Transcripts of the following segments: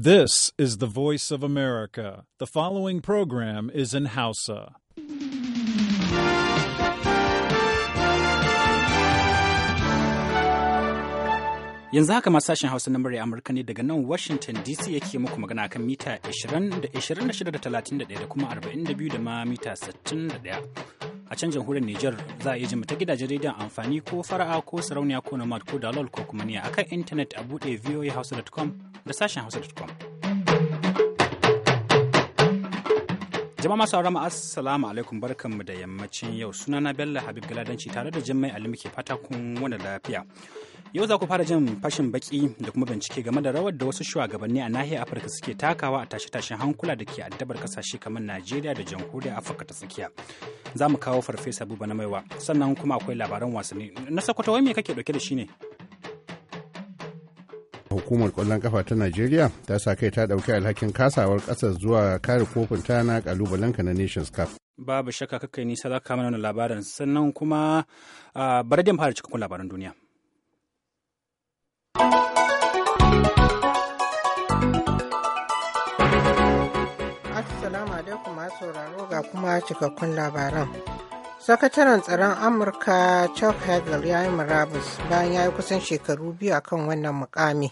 This is the voice of America. The following program is in Hausa. Yanzu haka ma sashen Hausa na murya Amurka ne daga nan Washington DC yake muku magana kan mita 20 da 26 da 31 da kuma 42 da ma mita 61. a can jamhuriyar Nijar za a iya jin ta gidajen rediyon amfani ko fara'a ko sarauniya ko nomad ko dalol ko kuma niya akan intanet a buɗe voahausa.com da sashen hausa.com. Jama'a masu aurama assalamu alaikum barkanmu da yammacin yau sunana Bello Habib Galadanci tare da Jummai Ali muke fata kun wani lafiya. Yau za ku fara jin fashin baki da kuma bincike game da rawar da wasu shugabanni a nahiyar Afirka suke takawa a tashe-tashen hankula da ke addabar kasashe kamar Najeriya da jamhuriyar Afirka ta tsakiya. Za mu kawo farfesa buba na maiwa sannan kuma akwai labaran wasanni. Na Sokoto wai me kake dauke da shi ne? Hukumar kwallon kafa ta Najeriya ta sa kai ta dauki alhakin kasawar kasar zuwa kare kofin ta na kalubalenka na Nations Cup. Babu shakka kakai nisa za ka mana labarin sannan kuma ah, bari mu fara cikakkun labaran duniya. Assalamu alaikum masu sauraro ga kuma cikakkun labaran. Sakataren tsaron Amurka Chuck Hagel ya yi murabus bayan ya yi kusan shekaru biyu a kan wannan mukami.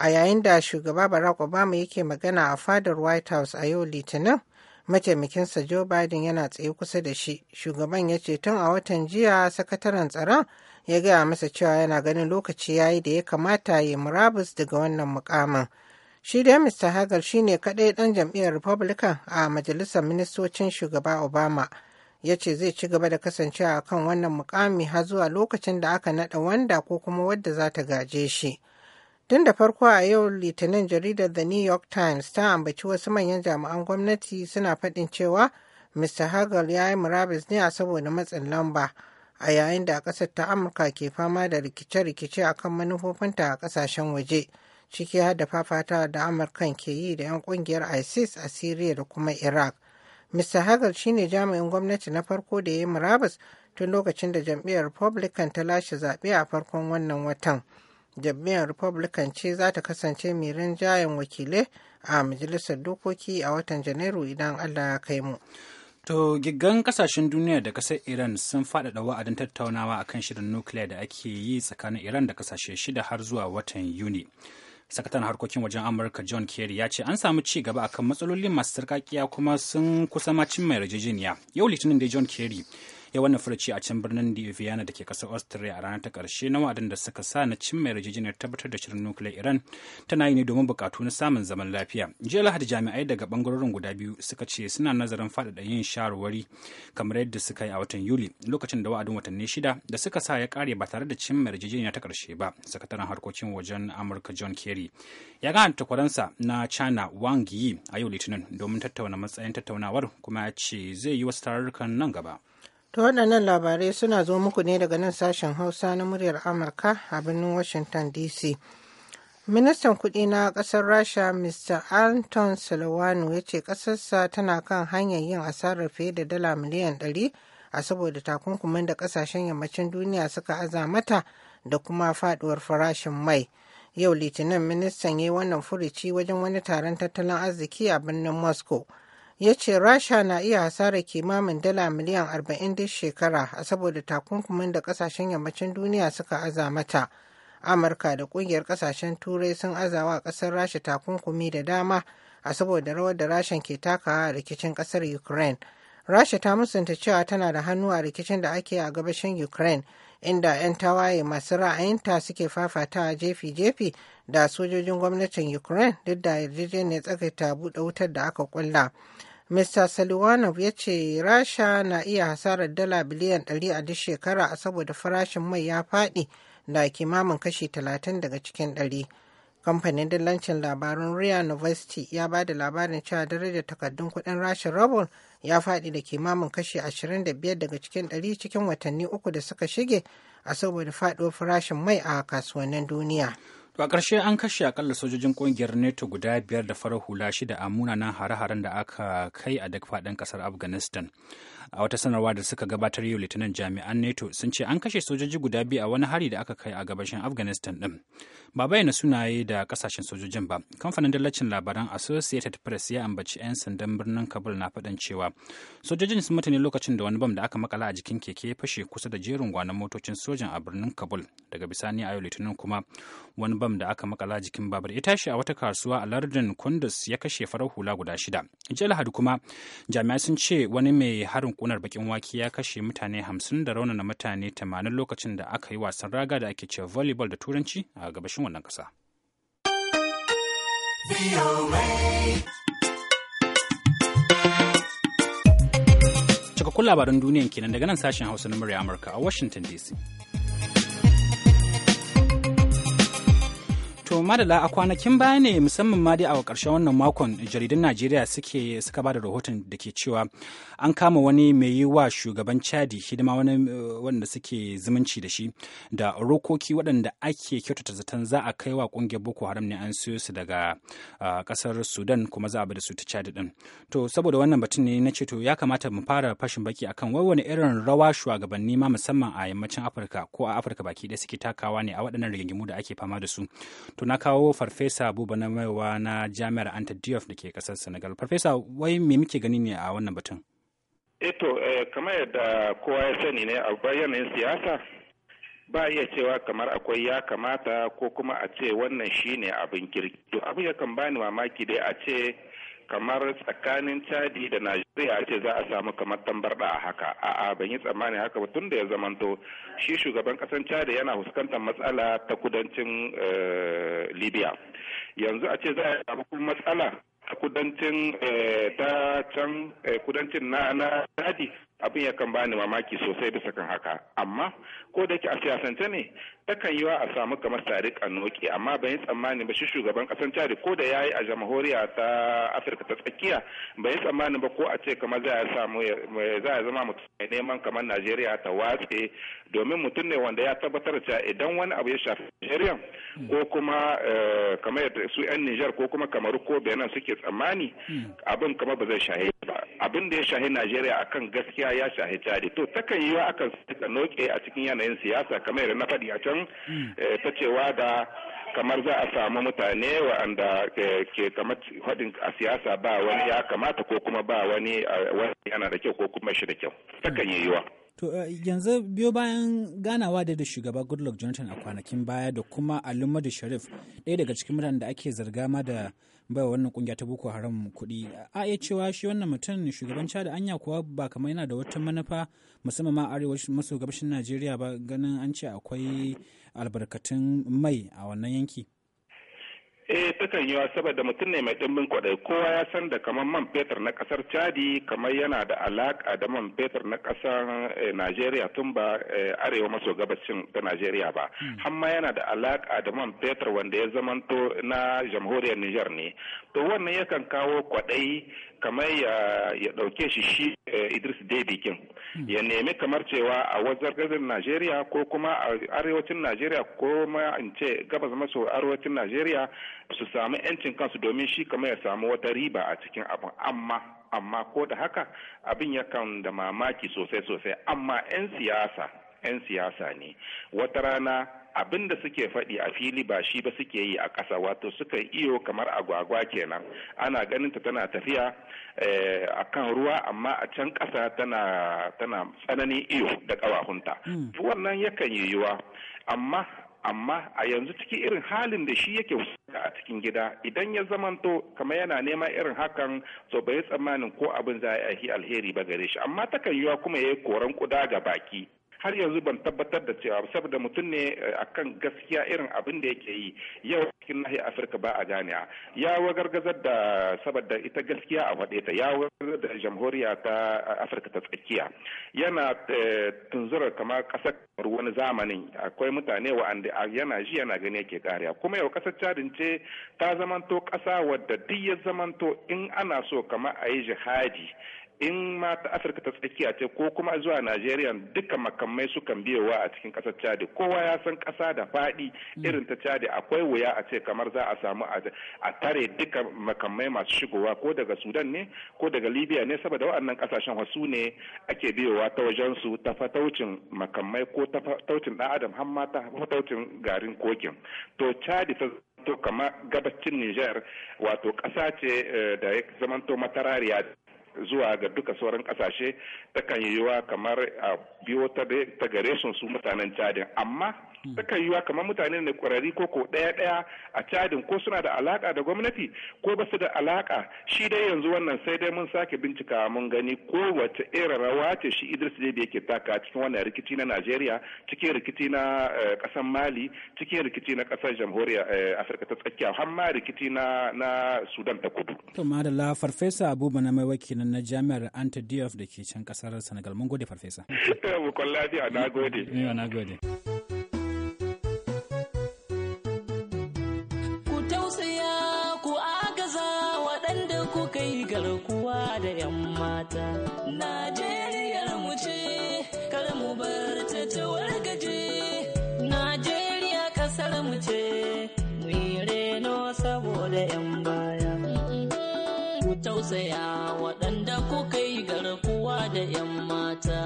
A yayin da shugaba Barack Obama yake magana a fadar White House a yau Litinin, mataimakinsa Joe Biden yana tsaye kusa da shi. Shugaban ya ce tun a watan jiya sakataren tsaron ya gaya masa cewa yana ganin lokaci ya yi da ya kamata ya yi murabus daga wannan mukamin. Shi dai Mr. Hagel shi ne kaɗai ɗan jam'iyyar Republican a Majalisar Ministocin Shugaba Obama. Ya ce zai ci gaba da kasancewa a kan wannan mukami har zuwa lokacin da aka naɗa wanda ko kuma wadda za ta gaje shi. Tun da farko a yau Litinin jaridar The New York Times ta ambaci wasu manyan jami'an gwamnati suna faɗin cewa Mr. Hagel ya yi murabis ne a saboda matsin lamba a yayin da ƙasar ta Amurka ke fama da rikice-rikice akan manufofinta a ƙasashen waje. ciki har da fafata da amurkan ke yi da 'yan kungiyar isis a syria da kuma iraq mr hagar shine jami'in gwamnati na farko da ya yi murabus tun lokacin da jam'iyyar republican ta lashe zaɓe a farkon wannan watan jam'iyyar republican ce za ta kasance mai rinjayen wakilai a majalisar dokoki a watan janairu idan allah ya kai mu To giggan kasashen duniya da kasar Iran sun faɗaɗa wa'adin tattaunawa akan shirin nukiliya da ake yi tsakanin Iran da kasashe shida har zuwa watan Yuni. sakataren harkokin wajen amurka john kerry ya ce an samu ci gaba akan matsalolin masu sarkakiya kuma sun kusa macin mai yarjejeniya yau litinin da john kerry ya wannan furci a can birnin Vienna da ke kasar Austria a ranar ta karshe na wa'adin da suka sa na cimma yarjejeniyar tabbatar da shirin nukiliyar Iran tana yi ne domin bukatu na samun zaman lafiya. Jiya Lahadi jami'ai daga bangarorin guda biyu suka ce suna nazarin faɗaɗa yin shawarwari kamar yadda suka yi a watan Yuli lokacin da wa'adin watanni shida da suka sa ya kare ba tare da cimma yarjejeniyar ta karshe ba. Sakataren harkokin wajen Amurka John Kerry ya gana takwaransa na China Wang Yi a yau Litinin domin tattauna matsayin tattaunawar kuma ya ce zai yi wasu tarurrukan nan gaba. To waɗannan labarai suna zo muku ne daga nan sashen Hausa na muryar Amurka a birnin Washington DC. Ministan kuɗi na ƙasar Rasha Mr. Anton Silvano ya ce ƙasarsa tana kan hanyar yin asarar fiye da dala miliyan ɗari a saboda takunkumin da ƙasashen yammacin duniya suka aza mata da kuma faɗuwar farashin mai. Yau Litinin ministan ya yi wannan furuci wajen wani taron tattalin arziki a birnin Moscow. ya ce rasha na iya hasarar kimamin dala miliyan 40 duk shekara a saboda takunkumin da kasashen yammacin duniya suka aza mata amurka da kungiyar kasashen turai sun azawa kasar rasha takunkumi da dama a saboda rawar da rashan ke takawa a rikicin kasar ukraine rasha ta musanta cewa tana da hannu a rikicin da ake a gabashin ukraine inda 'yan tawaye masu ra'ayinta suke fafatawa jefi-jefi da sojojin gwamnatin ukraine duk da yarjejeniyar tsakaita buɗe wutar da aka kulla Mr. Saliwanov ya ce Rasha na iya hasarar dala biliyan 100 a duk shekara a saboda farashin mai ya faɗi da kimamin kashi 30 daga cikin 100. Kamfanin dillancin labarun Ria University ya ba da labarin cewa darajar takardun kuɗin Rasha rabon ya faɗi da kimamin kashi 25 daga cikin 100 cikin watanni uku da suka shige a saboda faɗuwar farashin mai a kasuwannin duniya. a ƙarshe an kashe akalla sojojin ƙungiyar NATO guda biyar da farar hula shida a munanan hare-haren da aka kai a duk faɗin ƙasar Afghanistan. a wata sanarwa da suka gabatar yau litinin jami'an nato sun ce an kashe sojoji guda biyu a wani hari da aka kai a gabashin afghanistan din ba bayyana sunaye da kasashen sojojin ba kamfanin dallacin labaran associated press ya ambaci 'yan sandan birnin kabul na faɗin cewa sojojin sun mutu ne lokacin da wani bam da aka makala a jikin keke ya fashe kusa da jerin gwanon motocin sojan a birnin kabul daga bisani a yau litinin kuma wani bam da aka makala a jikin babur ya tashi a wata kasuwa a lardin kundus ya kashe farar hula guda shida jiya lahadi kuma jami'ai sun ce wani mai harin kunar bakin wake ya kashe mutane hamsin da raunana mutane 80 lokacin da aka yi wasan raga da ake cewa volleyball da turanci a gabashin wannan kasa. Cikakkun labaran duniyan kenan daga nan sashen Hausa na murya Amurka a Washington DC. To madala a kwanakin baya ne musamman ma dai a ƙarshen wannan makon jaridun Najeriya suke suka bada rahoton da ke cewa an kama wani mai yi wa shugaban Chadi hidima wani eh, wanda suke zumunci da shi da rokoki waɗanda ake kyautata zaton za a kai wa ƙungiyar Boko Haram ne an siyo su daga eh, ƙasar Sudan kuma za a bada su ta Chadi din. To saboda wannan batun ne na ce to ya kamata mu fara fashin baki akan wai wani irin rawa shugabanni ma musamman a yammacin Afirka ko a Afirka baki ɗaya suke takawa ne a waɗannan rigingimu da ake fama da su. na kawo farfesa buba na maiwa na jami'ar anta da ke kasar senegal farfesa wai me muke gani ne a wannan batun eto eh, eh, kamar yadda kowa ya sani ne a bayanin siyasa ba iya cewa kamar akwai ya kamata ko kuma a ce wannan shine abin kirki to abu ya kan bani mamaki dai a ce kamar tsakanin chadi da najeriya a ce za a samu kamar tambarda a haka a'a ban yi tsammani haka ba tun da ya zamanto shi shugaban kasan chadi yana fuskantar matsala ta kudancin eh, libya yanzu a ce za a samu matsala ta kudancin eh, ta can eh, kudancin na na abin ya kan bani mamaki sosai bisa kan haka amma ko da yake a siyasance ne takan wa a samu kamar tarik a amma ban yi tsammani ba shi shugaban kasan cari ko da ya yi a jamhuriya ta afirka ta tsakiya ban yi tsammani ba ko a ce kamar za a samu za a zama mutum mai neman kamar najeriya ta watse domin mutum ne wanda ya tabbatar da idan wani abu ya shafi najeriya ko kuma eh, kamar su yan nijar ko kuma kamaru ko benin suke tsammani abin kamar ba zai shahi ba abin da ya shahi najeriya akan gaskiya ya shahi cari to takan wa akan noke a cikin yanayin siyasa kamar yadda na faɗi a can nan eh, ta cewa da kamar za a samu mutane wa'anda eh, ke kamar hadin a siyasa ba wani ya kamata ko kuma ba eh, wani yana da kyau ko kuma shi da kyau takan yi yiwa. To eh, yanzu biyo bayan ganawa da shugaba Goodluck Jonathan a kwanakin baya da kuma Alumadu Sharif ɗaya daga cikin mutanen da ake zarga ma da bai wannan kungiya ta Boko Haram kuɗi. A iya cewa shi wannan mutum shugaban da anya kuwa ba kamar yana da wata manufa musamman ma arewa maso gabashin Najeriya ba ganin an ce akwai albarkatun mai a wannan yanki. eh takan yiwa saboda mutum ne mai ɗimbin kwaɗai kowa ya san da kamar man fetur na kasar chadi kamar yana da alaka da man fetur na ƙasar eh, nigeria tun ba eh, arewa maso gabashin ta nigeria ba hmm. amma yana da alaka da man fetur wanda ya zamanto na jamhuriyar niger ne to wannan yakan kawo kwaɗayi kamar ya dauke shi shi eh, Idris Deby kin hmm. ya nemi kamar cewa a wajen Najeriya ko kuma a arewacin Najeriya ko ma in ce gabas maso arewacin Najeriya su samu 'yancin kansu domin shi kamar ya samu wata riba a cikin abin amma amma ko da haka abin ya kan da mamaki sosai sosai amma 'yan siyasa 'yan siyasa ne wata rana abin da suke faɗi a fili ba shi ba suke yi a ƙasa wato suka iyo kamar agwagwa kenan ana ganin ta tana tafiya eh, a kan ruwa amma a can ƙasa tana tana tsananin iyo da ƙawahunta hmm. wannan yakan yiwuwa amma amma a yanzu ciki irin halin da shi yake a cikin gida idan ya zamanto kamar yana nema irin hakan to bai tsammanin ko abin za a yi alheri ba gare shi amma takan yiwa kuma ya yi koran kuda ga baki har yanzu ban tabbatar da cewa saboda mutum ne eh, akan gaskiya irin abin da yake yi yau cikin nahiyar afirka ba a gane ya wagargazar da saboda ita gaskiya a faɗe ta ya wagargazar da jamhuriya ta afirka ta tsakiya yana eh, tunzurar kama ƙasar wani zamanin akwai mutane wa'anda yana ji yana gani yake kariya kuma yau ƙasar cadin ce ta zamanto ƙasa wadda duk ya zamanto in ana so kama a yi jihadi in ma ta afirka ta tsakiya ce ko kuma zuwa najeriya duka makamai sukan biyowa a cikin kasar chadi kowa ya san kasa da faɗi mm. irin ta chadi akwai wuya a ce kamar za a samu a tare duka makamai masu shigowa ko daga sudan ne ko daga libya ne saboda waɗannan kasashen wasu ne ake biyowa ta wajen su ta fataucin makamai ko ta fataucin dan adam har ma ta fataucin garin kokin to chadi ta to kama gabacin niger wato kasa ce eh, da ya zamanto matarariya zuwa ga duka sauran kasashe ta takan yiwuwa kamar a biyo ta gare sun su mutanen cadin amma Hmm. suka yiwa kamar mutane ne kwararri ko ko ɗaya ɗaya a cadin ko suna da alaka da gwamnati ko ba su da alaka shi dai yanzu wannan sai dai mun sake bincika mun gani ko wace irin rawa ce shi Idris Deby yake taka cikin wannan rikici na Najeriya cikin rikici na kasar eh, Mali cikin rikici na kasar Jamhuriyar eh, Afirka ta Tsakiya har ma rikici na na Sudan ta Kudu. To madalla farfesa Abuba na wakilin na jami'ar Anta da ke can kasar Senegal mun gode farfesa. Eh, Yau na gode. mata najeriyar mu ce kar mu bar ta ta wargaje najeriya kasar mu ce mu yi reno saboda yan baya ku tausaya waɗanda kuka yi garkuwa da yan mata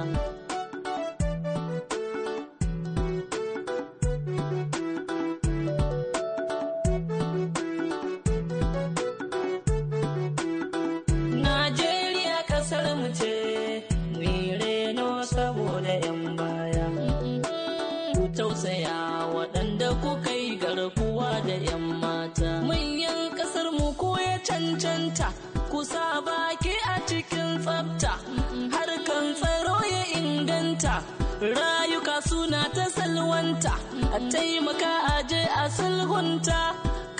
sulhunta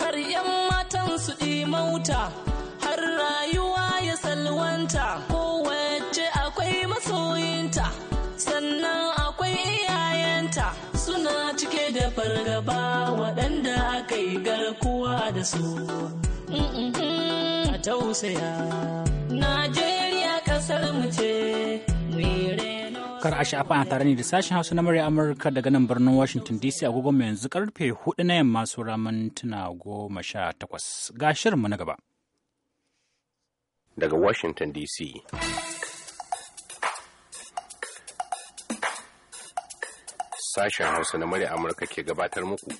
karyan matan su mauta har rayuwa ya salwanta kowace akwai masoyinta sannan akwai iyayenta suna cike da fargaba waɗanda aka yi garkuwa da su a tausaya najeriya ƙasar mu ce kar a sha'afa a tare ne da sashen hausa na murya amurka daga nan birnin washington dc agogo mai yanzu karfe hudu na yamma ramin tuna goma sha takwas ga shirinmu na gaba daga washington dc sashen hausa na murya amurka ke gabatar muku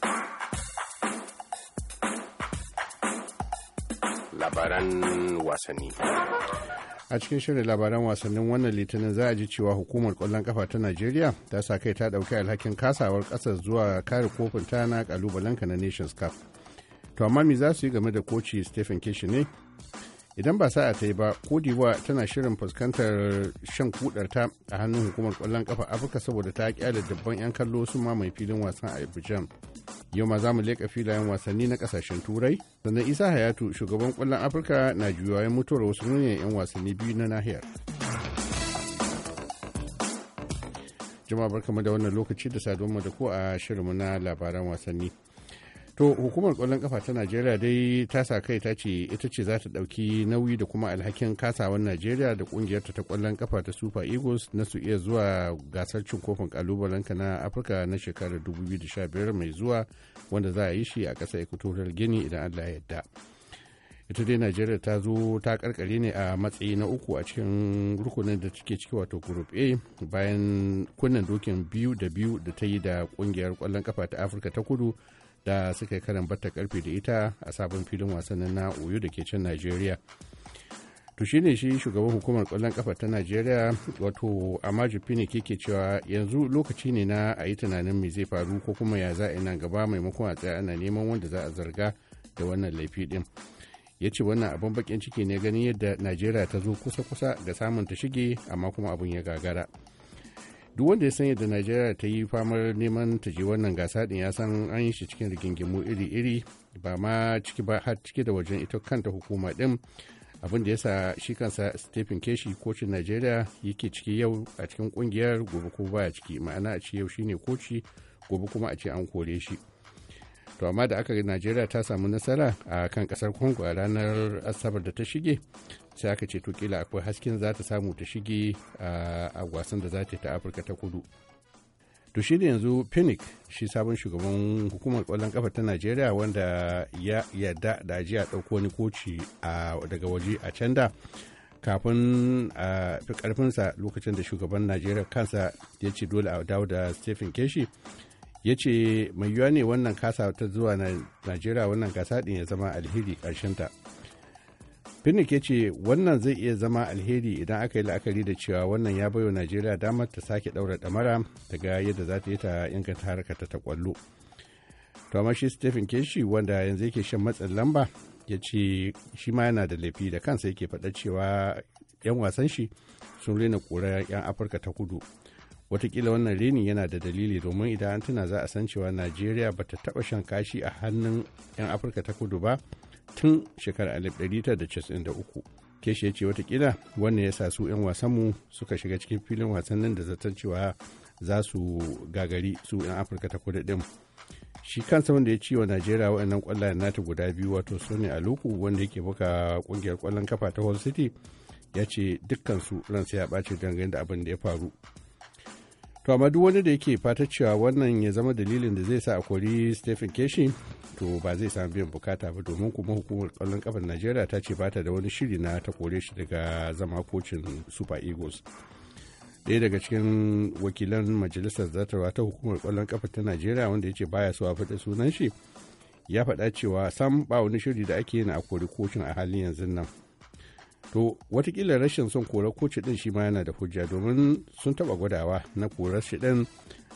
labaran wasanni a cikin shirin labaran wasannin wannan litinin za a ji cewa hukumar kwallon kafa ta najeriya ta sa kai ta dauki alhakin kasawar kasar zuwa kare kofin ta na ƙalubalenka na nations cup to amma mi za su yi game da koci stephen kishi ne idan ba sa'a ta yi ba kodiwa tana shirin fuskantar shan kudarta a hannun hukumar kwallon kafa afirka saboda ta kyale dabban yan kallo su ma mai filin wasan a abidjan yau ma za mu leƙa filayen wasanni na kasashen turai sannan isa hayatu shugaban kwallon afirka na juyayen mutuwar wasu manyan yan wasanni biyu na nahiyar jama'a barkamu da wannan lokaci da mu da ku a shirinmu na labaran wasanni to hukumar kwallon kafa ta najeriya dai ta sa kai ta ce ita ce za ta ɗauki nauyi da kuma alhakin kasawan najeriya da ƙungiyarta ta kwallon kafa ta super eagles na su iya zuwa gasar cin kofin kalubalenka na afirka na shekarar 2015 mai zuwa wanda za a yi shi a ƙasa equatorial gini idan allah ya yarda ita dai najeriya ta zo ta karkare ne a matsayi na uku a cikin rukunin da take ciki wato group a bayan kunnen dokin biyu da biyu da ta yi da kungiyar kwallon kafa ta afirka ta kudu da suka yi karin batta karfe da ita a sabon filin wasannin na oyo da ke can najeriya to shi ne shi shugaban hukumar kwallon kafa ta najeriya wato amaju ne ke cewa yanzu lokaci ne na a yi tunanin me zai faru ko kuma ya za a nan gaba maimakon a tsaya ana neman wanda za a zarga da wannan laifi din ya ce wannan abin bakin ciki ne ganin yadda najeriya ta zo kusa-kusa da samun ta shige amma kuma abin ya gagara duk wanda ya sanya da najeriya ta yi famar neman ta je wannan gasa din ya san an yi shi cikin rigingimu iri-iri ba ma ciki ba har ciki da wajen ita kanta hukuma din abin da ya sa shi kansa stephen keshi kocin najeriya yake ciki yau a cikin kungiyar gobe ko baya ciki ma'ana a ce yau shine koci gobe kuma a ce an kore shi to amma da aka ga najeriya ta samu nasara a kan kasar congo a ranar asabar da ta shige sai aka ce to kila akwai hasken za ta samu ta shige a wasan da za ta ta afirka ta kudu to shi ne yanzu phoenix shi sabon shugaban hukumar kwallon kafa ta nigeria wanda ya yarda da ajiya ɗauko wani koci daga waje a can da kafin a fi karfinsa lokacin da shugaban nigeria kansa ya ce dole a dawo da stephen keshi ya ce mai yiwuwa ne wannan kasa ta zuwa nigeria wannan gasa ɗin ya zama alheri ta. Finnick ya ce wannan zai iya zama alheri idan aka yi la'akari da cewa wannan ya baiwa Najeriya damar ta sake ɗaura ɗamara ta ga yadda za ta yi ta inganta harkar ta kwallo. Thomas shi Stephen Keshi wanda yanzu yake shan matsin lamba ya ce shi ma yana da laifi da kansa yake faɗa cewa 'yan wasan shi sun rena ƙura 'yan Afirka ta kudu. Watakila wannan reni yana da dalili domin idan an tuna za a san cewa Najeriya ba ta taɓa shan kashi a hannun 'yan Afirka ta kudu ba. tun shekarar 1993 keshi ya ce watakila wannan ya sa su 'yan wasanmu suka shiga cikin filin wasannin da zaton cewa za su gagari su 'yan afirka ta kudu din shi kansa wanda ya ci wa najeriya waɗannan ƙwallayen nata guda biyu wato sony aluku wanda yake buka ƙungiyar kwallon kafa ta hall city ya ce dukkansu ransa ya ɓace dangane da abin da ya faru to amma duk wani da yake fata cewa wannan ya zama dalilin da zai sa a kori stephen keshi to ba zai samu biyan bukata ba domin kuma hukumar kwallon kafar najeriya ta ce bata da wani shiri na ta kore shi daga zama kocin super eagles ɗaya daga cikin wakilan majalisar zartarwa ta hukumar kwallon kafa ta najeriya wanda ya ce baya so a faɗa sunan shi ya faɗa cewa sam ba wani shiri da ake yin a kori kocin a halin yanzu nan to watakila rashin son kora koci ɗin shi ma yana da hujja domin sun taɓa gwadawa na korar shi din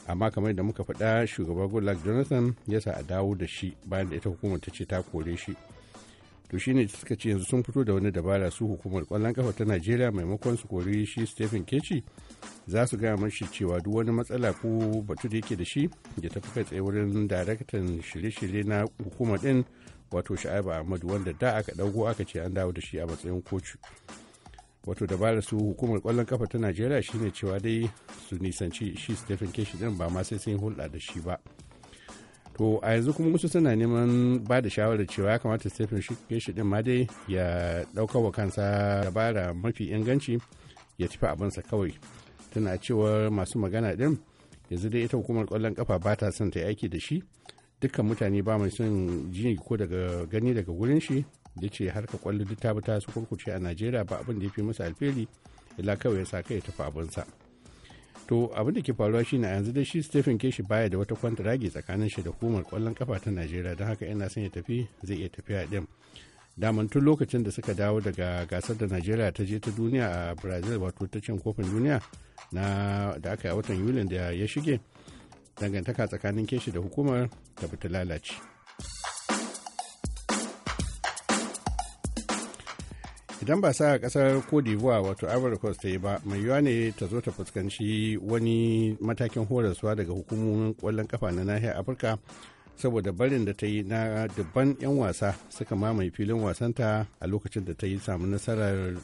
amma kamar da muka faɗa shugaba goodluck jonathan ya sa a dawo da shi bayan da ita hukumar ta ce ta kore shi to shine suka ce yanzu sun fito da wani dabara su hukumar kwallon kafa ta najeriya maimakon su kori shi stephen keci za su gaya mashi cewa duk wani matsala ko batu da yake da shi ya tafi kai tsaye wurin daraktan shirye-shirye na hukumar ɗin. wato sha'aba ahmad wanda da aka ɗago aka ce an dawo da shi a matsayin kocu wato dabarar su hukumar kwallon kafa ta najeriya shine cewa dai su nisanci shi stephen keshi din ba ma sai sun hulɗa da shi ba to a yanzu kuma wasu suna neman ba da shawarar cewa ya kamata stephen keshi din ma dai ya ɗauka wa kansa dabara mafi inganci ya tafi abinsa kawai tana cewa masu magana din yanzu dai ita hukumar kwallon kafa ba ta son ta yi aiki da shi dukkan mutane ba mai son jini ko daga gani daga wurin shi da ce har ka kwallo duk ta ta su kurkuce a najeriya ba abin da ya fi masa alferi ila kawai ya sa kai ya tafi abinsa to abin da ke faruwa shi na yanzu da shi stephen keshi baya da wata rage tsakanin shi da hukumar kwallon kafa ta najeriya don haka yana son ya tafi zai iya tafiya din daman tun lokacin da suka dawo daga gasar da najeriya ta je ta duniya a brazil wato ta cin kofin duniya na da aka yi watan yulin da ya shige dangantaka tsakanin keshi da hukumar ta fita lalace idan ba sa a kasar cote d'ivoire wato ivory coast ta yi ba mai yiwuwa ne ta zo ta fuskanci wani matakin horaswa daga hukumomin kwallon kafa na nahiyar afirka saboda barin da ta yi na dubban 'yan wasa suka mamaye filin wasanta a lokacin da ta yi samu nasarar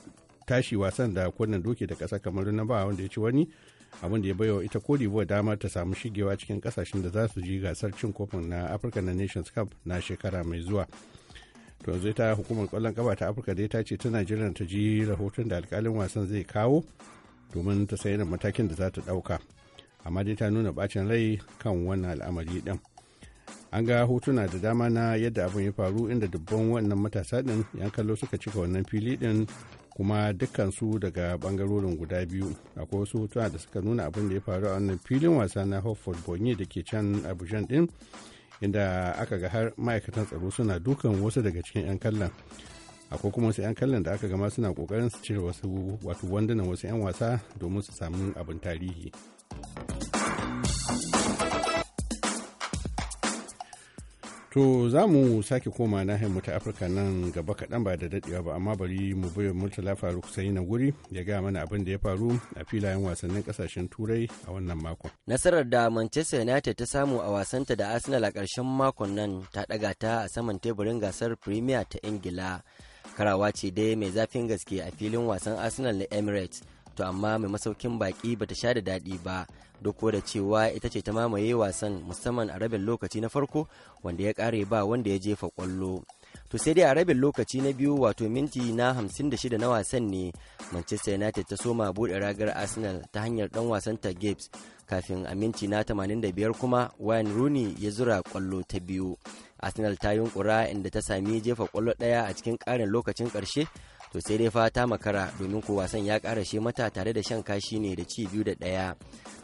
tashi wasan da kunnen doki da kasa kamar na ba wanda ya ci wani abin da ya baiwa ita ko d'Ivoire dama ta samu shigewa cikin kasashen da za su ji gasar cin kofin na Africa na Nations Cup na shekara mai zuwa. To yanzu ita hukumar kwallon kafa ta Afirka dai ta ce tana jiran ta ji rahoton da alkalin wasan zai kawo domin ta sayi matakin da za ta ɗauka. Amma dai ta nuna bacin rai kan wannan al'amari din. an ga hotuna da dama na yadda abin ya faru inda dubban wannan matasa din yan kallo suka cika wannan fili din kuma dukkansu daga bangarorin guda biyu akwai wasu hotuna da suka nuna abin da ya faru a wannan filin wasa na Hofford Bonye da ke can abujan din inda aka ga har ma'aikatan tsaro suna dukan wasu daga cikin 'yan kallon akwai kuma wasu 'yan kallon da aka gama suna kokarin su cire wasu wato wandunan wasu 'yan wasa domin su samu abin tarihi To za mu sake koma nahiyar ta Afirka nan gaba kaɗan ba da daɗewa ba amma bari mu bi Murtala faru sayi na guri ya gaya mana abin da ya faru a filayen wasannin ƙasashen Turai a wannan makon. Nasarar da Manchester United ta samu a wasanta da Arsenal a ƙarshen makon nan ta ɗaga ta a saman teburin gasar Premier ta Ingila. Karawa ce dai mai zafin gaske a filin wasan Arsenal na Emirates to amma mai masaukin baki ta sha da daɗi ba duk da cewa ita ce ta mamaye wasan musamman a rabin lokaci na farko wanda ya ƙare ba wanda ya jefa ƙwallo to sai dai a rabin lokaci na biyu wato minti na shida na wasan ne manchester united ta soma buɗe ragar arsenal ta hanyar ɗan wasan ta gibbs kafin a minti na 85 kuma wayan rooney ya zura ƙwallo ta biyu arsenal ta yunkura inda ta sami jefa ƙwallo ɗaya a cikin ƙarin lokacin ƙarshe to sai dai fata makara domin ko wasan ya karashe mata tare da shan kashi ne da ci biyu da ɗaya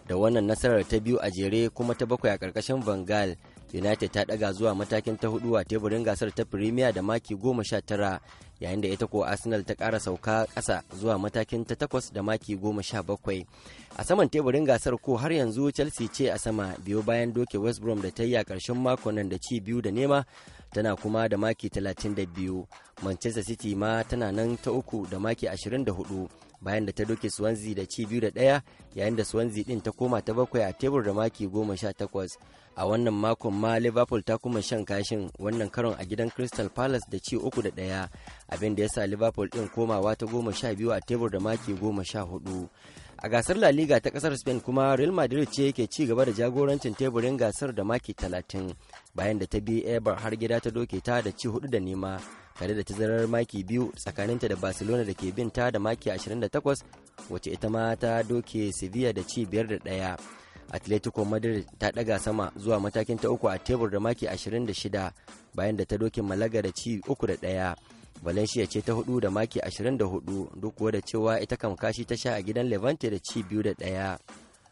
da wannan nasarar ta biyu a jere kuma ta bakwai a ƙarƙashin bengal united ta ɗaga zuwa matakin ta hudu a teburin gasar ta premier da maki goma sha tara yayin da ita ko arsenal ta kara sauka ƙasa zuwa matakin ta takwas da maki goma sha bakwai a saman teburin gasar ko har yanzu chelsea ce a sama biyo bayan doke west brom da ta yi a ƙarshen makon nan da ci biyu da nema tana kuma da maki 32 manchester city ma tana nan ta uku da maki 24 bayan da ta doke swansea da ci biyu da ɗaya yayin da swansea din ta koma ta bakwai a tebur da maki 18 a wannan makon ma liverpool ta kuma shan kashin wannan karon a gidan crystal palace da ci uku da ɗaya abin da ya sa liverpool din komawa ta goma sha biyu a tebur da maki goma sha hudu a gasar la liga ta kasar spain kuma real madrid ce yake ci gaba da jagorancin teburin gasar da maki 30 bayan da ta bi ebar har gida ta doke ta da ci hudu da nema tare da tazarar maki biyu tsakaninta da barcelona da ke bin ta da maki 28 wacce ita ma ta doke sevilla da ci biyar da daya atletico madrid ta daga sama zuwa matakin ta uku a tebur da maki 26 bayan da ta doke malaga da ci uku da daya valencia ce ta hudu da maki 24 duk kuwa da cewa ita kan kashi ta sha a gidan levante da ci biyu da ɗaya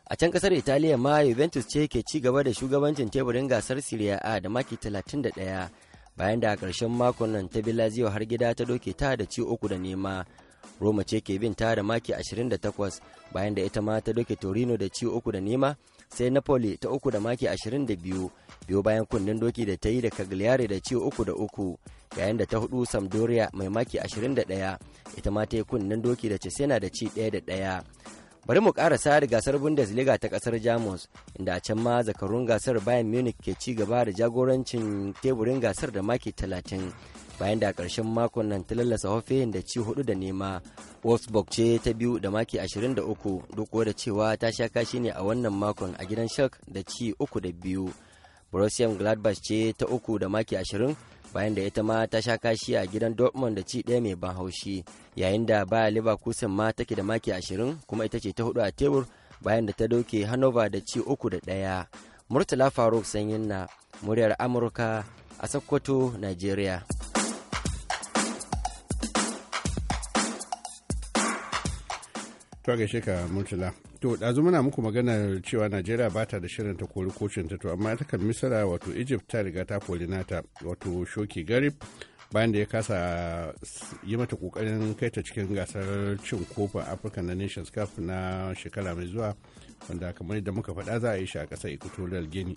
a can kasar italiya ma juventus ce ke ci gaba da shugabancin teburin gasar serie a da maki 31 bayan da a ƙarshen makon nan ta lazio har gida ta doke ta da ci uku da nema roma ce ke bin ta da maki 28 bayan da ita ma ta doke torino da ci uku da nema sai napoli ta uku da maki 22 biyu bayan kunnen doki da ta yi da cagliari da ci uku da uku yayin da ta hudu sampdoria mai maki 21 ita ma ta yi kunnen doki da cesena da ci ɗaya da ɗaya bari mu karasa da gasar bundesliga ta kasar jamus inda a can ma zakarun gasar bayan munich ke ci gaba da jagorancin teburin gasar da maki 30 bayan da a karshen makon nan ta lallasa hoffenheim da ci hudu da nema wolfsburg ce ta biyu da maki 23 duk da cewa ta sha kashi ne a wannan makon a gidan schalke da ci uku da biyu borussia gladbach ce ta uku da maki 20 bayan da ita ma ta sha kashi a gidan dortmund da ci ɗaya mai ban haushi yayin da baya leverkusen ma take da maki ashirin kuma ita ce ta hudu a tebur bayan da ta doke hannover da ci uku da ɗaya murtala faruk sanyin na muryar amurka a sokoto nigeria To gaishe ka Murtala. To ɗazu muna muku maganar cewa Najeriya ba ta da shirin ta kori kocin ta to amma ta kan misira wato Egypt ta riga ta kori nata wato Shoki Garib bayan da ya kasa yi mata kokarin kai ta cikin gasar cin kofin Africa na Nations Cup na shekara mai zuwa wanda kamar da muka faɗa za a yi shi a ƙasar Equatorial Guinea.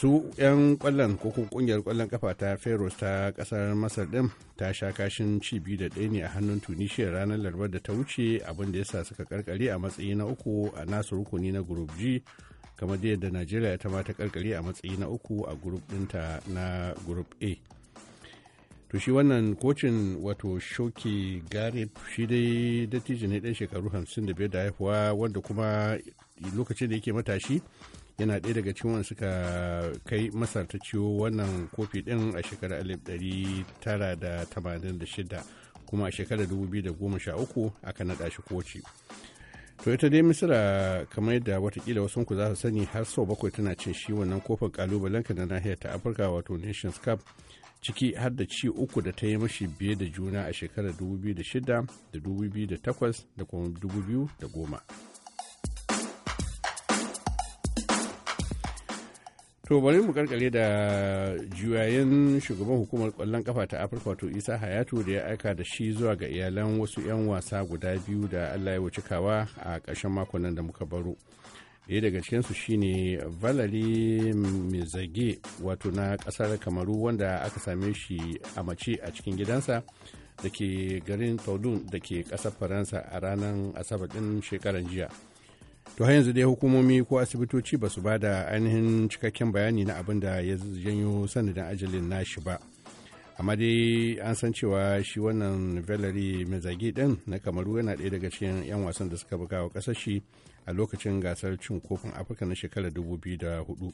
su 'yan kwallon ko kungiyar kwallon kafa ta feros ta kasar masar din ta sha kashin ci biyu da ɗaya ne a hannun tunisia ranar larabar da ta wuce abin da ya sa suka karkare a matsayi na uku a nasu rukuni na group g kamar da yadda najeriya ta ma ta karkare a matsayi na uku a group ɗinta na group a to shi wannan kocin wato shoki garib shi dai dattijo ne ɗan shekaru 55 da haihuwa wanda kuma lokacin da yake matashi yana ɗaya daga cikin wanda suka kai masar ta ciwo wannan kofi ɗin a shekarar 1986 kuma a shekarar 2013 aka naɗa shi koci to ita dai misira kamar yadda watakila wasu ku za su sani har sau bakwai tana cin shi wannan kofin kalubalen na nahiyar ta afirka wato nations cup ciki har da ci uku da ta yi mashi biye da juna a shekarar 2006 da 2008 da kuma 2010 To bari mu karkare da juyayen shugaban hukumar kwallon kafa ta Afirka wato Isa Hayatu da ya aika da shi zuwa ga iyalan wasu 'yan wasa guda biyu da Allah ya wuce kawa a karshen makon nan da muka baro. Ɗaya daga cikinsu shine Valeri Mizage wato na ƙasar Kamaru wanda aka same shi a mace a cikin gidansa da ke garin Taudun da ke ƙasar Faransa a ranar Asabar ɗin shekaran jiya. to har yanzu dai hukumomi ko asibitoci ba su ba da ainihin cikakken bayani na abin da ya janyo sanadin ajalin nashi ba amma dai an san cewa shi wannan valerie mezagi din na kamaru yana ɗaya daga cikin 'yan wasan da suka buga wa ƙasar shi a lokacin gasar cin kofin afirka na shekarar hudu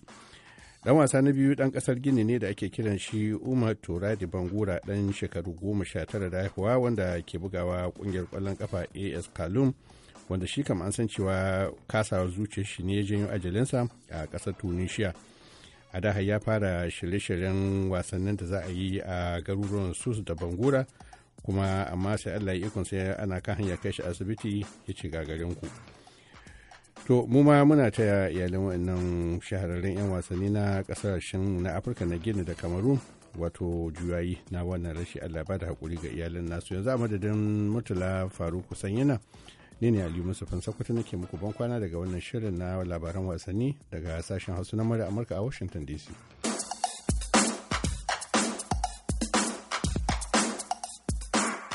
dan wasa na biyu dan kasar gini ne da ake kiran shi umar turadi bangura dan shekaru goma sha tara da haihuwa wanda ke bugawa kungiyar kwallon kafa as kalum wanda shi kam an san cewa kasawar zuciyar shi ne ya janyo ajalinsa a kasar tunisia a daha ya fara shirye-shiryen wasannin da za a yi a garuruwan sus da bangura kuma amma sai allah ya ikon sai ana kan hanya kai shi asibiti ya ci gagarin ku to mu ma muna taya iyalan waɗannan shahararren 'yan wasanni na kasashen na afirka na gini da kamaru wato juyayi na wannan rashi allah ba da haƙuri ga iyalin nasu yanzu a madadin murtala faru kusan yana ni ne aliyu musufin sakwato nake muku ban kwana daga wannan shirin na labaran wasanni daga sashen hausa na murya amurka a washington dc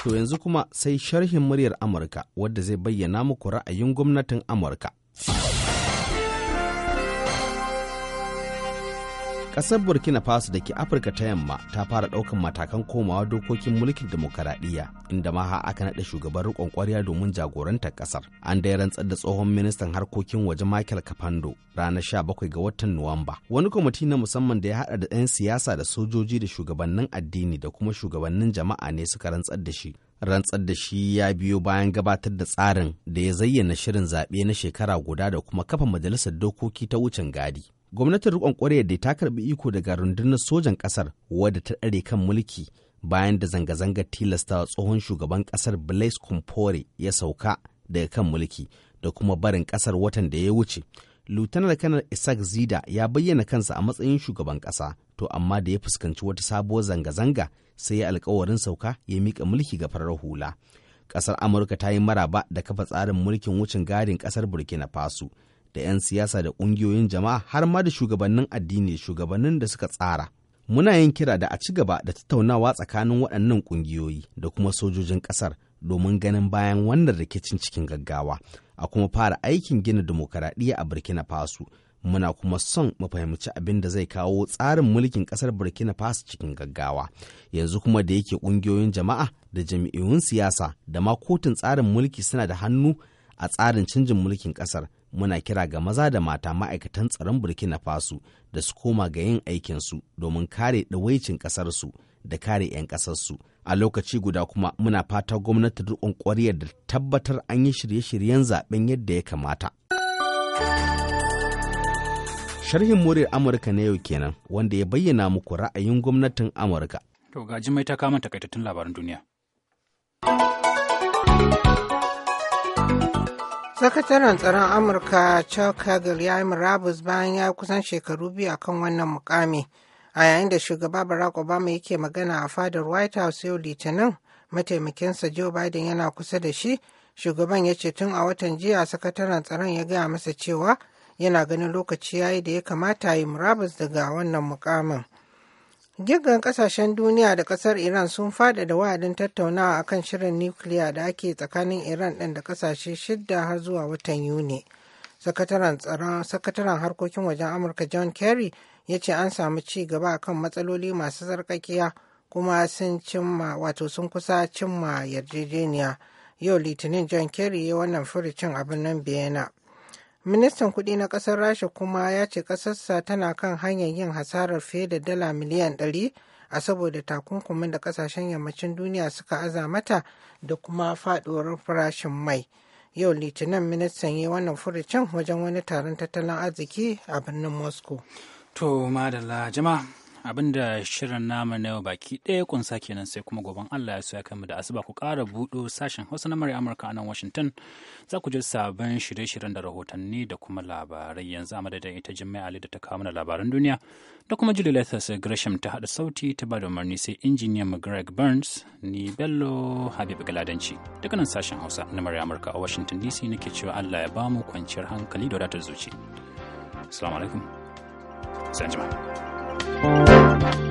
to yanzu kuma sai sharhin muryar amurka wadda zai bayyana muku ra'ayin gwamnatin amurka Ƙasar Burkina Faso da ke Afirka ta yamma ta fara ɗaukan matakan komawa dokokin mulkin demokaradiyya inda maha aka naɗa shugaban riƙon ƙwarya domin jagorantar ƙasar. An dai rantsar da tsohon ministan harkokin waje Michael Kafando ranar sha bakwai ga watan Nuwamba. Wani kwamiti na musamman da ya haɗa da 'yan siyasa da sojoji da shugabannin addini da kuma shugabannin jama'a ne suka rantsar da shi. rantsar da shi ya biyo bayan gabatar da tsarin da ya zayyana shirin zaɓe na shekara guda da kuma kafa majalisar dokoki ta wucin gadi. gwamnatin rikon ƙwarya da ta karbi iko daga rundunar sojan ƙasar wadda ta ɗare kan mulki bayan da zanga-zangar tilasta tsohon shugaban ƙasar blaise compaore ya sauka daga kan mulki da kuma barin ƙasar watan da ya wuce lutanar kanar isaac zida ya bayyana kansa a matsayin shugaban ƙasa to amma da ya fuskanci wata sabuwar zanga-zanga sai ya alkawarin sauka ya mika mulki ga farar hula ƙasar amurka ta yi maraba da kafa tsarin mulkin wucin gadin ƙasar burkina faso da 'yan siyasa da ƙungiyoyin jama'a har ma da shugabannin addini shugabannin da suka tsara. Muna yin kira da a ci gaba da tattaunawa tsakanin waɗannan ƙungiyoyi da kuma sojojin ƙasar domin ganin bayan wannan rikicin cikin gaggawa a kuma fara aikin gina dimokuraɗiyya a Burkina Faso. Muna kuma son mu fahimci abin da zai kawo tsarin mulkin ƙasar Burkina Faso cikin gaggawa. Yanzu kuma da yake ƙungiyoyin jama'a da jami'un siyasa da ma kotun tsarin mulki suna da hannu a tsarin canjin mulkin ƙasar muna kira ga maza da mata ma'aikatan tsaron burkina faso da su koma ga yin aikinsu domin kare ɗawaicin ƙasarsu da kare 'yan ƙasarsu a lokaci guda kuma muna fata gwamnati da ƙwariyar da tabbatar an yi shirye-shiryen zaben yadda ya kamata sharhin muryar amurka na yau kenan wanda ya bayyana muku ra'ayin gwamnatin amurka to gaji mai ta kama takaitattun labarin duniya sakataren tsaron amurka chuck hagel ya yi murabus bayan ya kusan shekaru biyu a kan wannan mukami a yayin da shugaba barack obama yake magana a fadar white house yau litinin mataimakinsa joe biden yana kusa da shi shugaban ya ce tun a watan jiya sakataren tsaron ya gaya masa cewa yana ganin lokaci yayi da ya kamata yi murabus daga wannan mukamin. Giggan kasashen duniya da kasar Iran sun faɗaɗa wa'adin tattaunawa akan shirin nukiliya da ake tsakanin Iran ɗin da kasashe shidda har zuwa watan Yuni. Sakataren harkokin wajen Amurka John Kerry ya ce an samu ci gaba a kan matsaloli masu sarƙaƙiya kuma sun cimma wato sun kusa cimma yarjejeniya. Yau Litinin John Kerry ya wannan furicin abin nan biyana. Ministan kuɗi na ƙasar Rasha kuma ya ce ƙasarsa tana kan hanyar yin hasarar fiye da dala miliyan ɗari a saboda takunkumin da ƙasashen yammacin duniya suka aza mata da kuma faɗuwar farashin mai. Yau Litinin ministan yi wannan furucin wajen wani taron tattalin arziki a birnin Moscow. To, madalla jama'a. Abin da shirin namu na yau baki ɗaya kunsa kenan sai kuma goban Allah ya so ya kama da asuba ku ƙara buɗo sashen Hausa na mara Amurka a nan Washington za ku ji sabon shirye-shiryen da rahotanni da kuma labarai yanzu a madadin ita Jummai Ali da ta kawo mana labaran duniya da kuma Julie Lathas Gresham ta haɗa sauti ta ba da umarni sai injiniyan Greg Burns ni Bello Habib Galadanci nan sashen Hausa na mara Amurka a Washington DC ke cewa Allah ya bamu kwanciyar hankali da wadatar zuci. Assalamu alaikum. Sanjima. Thank you.